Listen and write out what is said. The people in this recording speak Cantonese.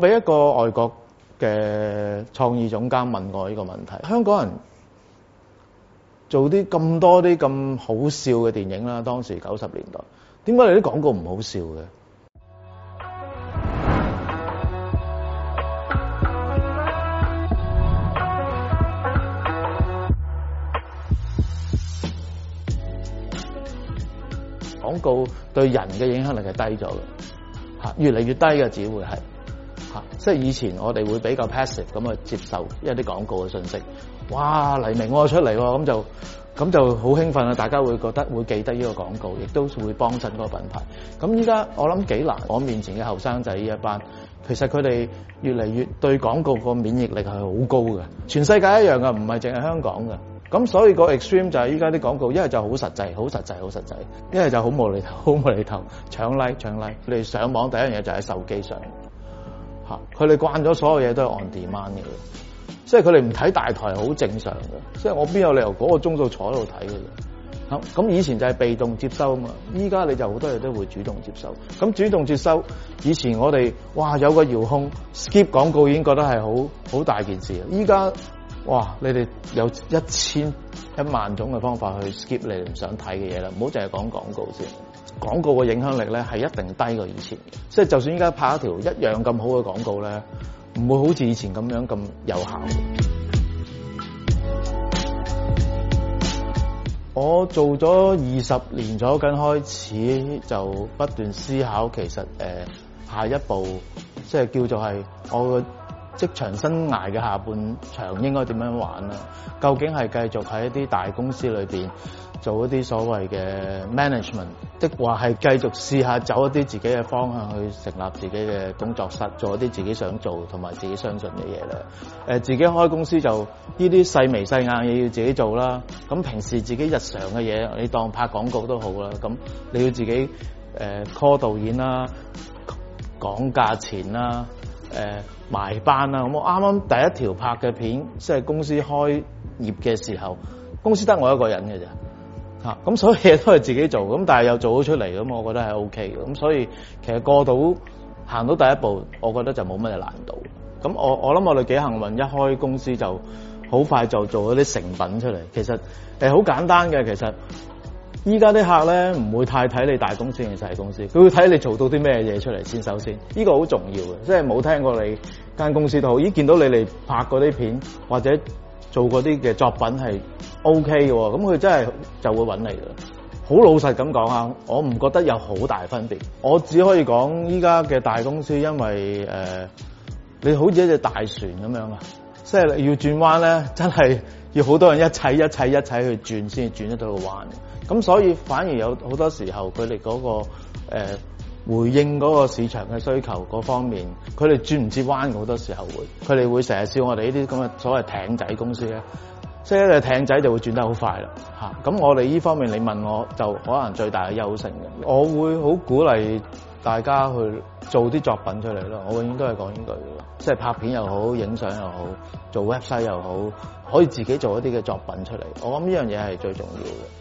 我俾一個外國嘅創意總監問我呢個問題，香港人做啲咁多啲咁好笑嘅電影啦，當時九十年代，點解你啲廣告唔好笑嘅？廣告對人嘅影響力係低咗嘅，嚇越嚟越低嘅，只會係。吓，即係以前我哋會比較 passive 咁去接受一啲廣告嘅信息。哇，黎明我出嚟喎，咁就咁就好興奮啊！大家會覺得會記得呢個廣告，亦都會幫襯嗰個品牌。咁依家我諗幾難，我面前嘅後生仔呢一班，其實佢哋越嚟越對廣告個免疫力係好高嘅。全世界一樣噶，唔係淨係香港噶。咁所以個 extreme 就係依家啲廣告，一係就好實際，好實際，好實際；一係就好無厘頭，好無厘頭，搶 like，搶 like。佢哋上網第一樣嘢就喺手機上。佢哋慣咗所有嘢都係 on demand 嘅，即係佢哋唔睇大台好正常嘅，即係我邊有理由嗰個鐘數坐喺度睇嘅？咁以前就係被動接收啊嘛，依家你就好多嘢都會主動接收。咁主動接收，以前我哋哇有個遙控 skip 廣告已經覺得係好好大件事，依家哇你哋有一千一萬種嘅方法去 skip 你唔想睇嘅嘢啦，唔好淨係講廣告先。廣告嘅影響力咧係一定低過以前嘅，即係就算依家拍一條一樣咁好嘅廣告咧，唔會好似以前咁樣咁有效。我做咗二十年左右，近開始就不斷思考，其實誒下一步即係叫做係我嘅職場生涯嘅下半場應該點樣玩啦？究竟係繼續喺一啲大公司裏面做一啲所謂嘅 management？即話係繼續試下走一啲自己嘅方向去成立自己嘅工作室，做一啲自己想做同埋自己相信嘅嘢啦。誒，自己開公司就呢啲細眉細眼嘢要自己做啦。咁平時自己日常嘅嘢，你當拍廣告都好啦。咁你要自己誒 call、呃、導演啦，講價錢啦，誒、呃、埋班啦。咁我啱啱第一條拍嘅片，即、就、係、是、公司開業嘅時候，公司得我一個人嘅咋。咁、嗯、所有嘢都係自己做，咁但係又做咗出嚟，咁我覺得係 O K 嘅，咁所以其實過到行到第一步，我覺得就冇乜嘢難度。咁我我諗我哋幾幸運，一開公司就好快就做咗啲成品出嚟。其實誒好、欸、簡單嘅，其實依家啲客咧唔會太睇你大公司定細公司，佢會睇你做到啲咩嘢出嚟先。首先，呢、呢個好重要嘅，即係冇聽過你間公司都好，咦見到你嚟拍嗰啲片或者做嗰啲嘅作品係 OK 嘅，咁佢真係就會揾你噶啦。好老實咁講啊，我唔覺得有好大分別。我只可以講依家嘅大公司，因為、呃、你好似一隻大船咁樣啊，即係要轉彎咧，真係要好多人一齊一齊一齊去轉先轉得到個彎。咁所以反而有好多時候佢哋嗰個、呃回應嗰個市場嘅需求嗰方面，佢哋轉唔轉彎好多時候會，佢哋會成日笑我哋呢啲咁嘅所謂艇仔公司咧，即係一個艇仔就會轉得好快啦，吓。咁我哋呢方面你問我就可能最大嘅優勝嘅，我會好鼓勵大家去做啲作品出嚟咯。我永遠都係講呢句，即係拍片又好，影相又好，做 website 又好，可以自己做一啲嘅作品出嚟。我諗呢樣嘢係最重要嘅。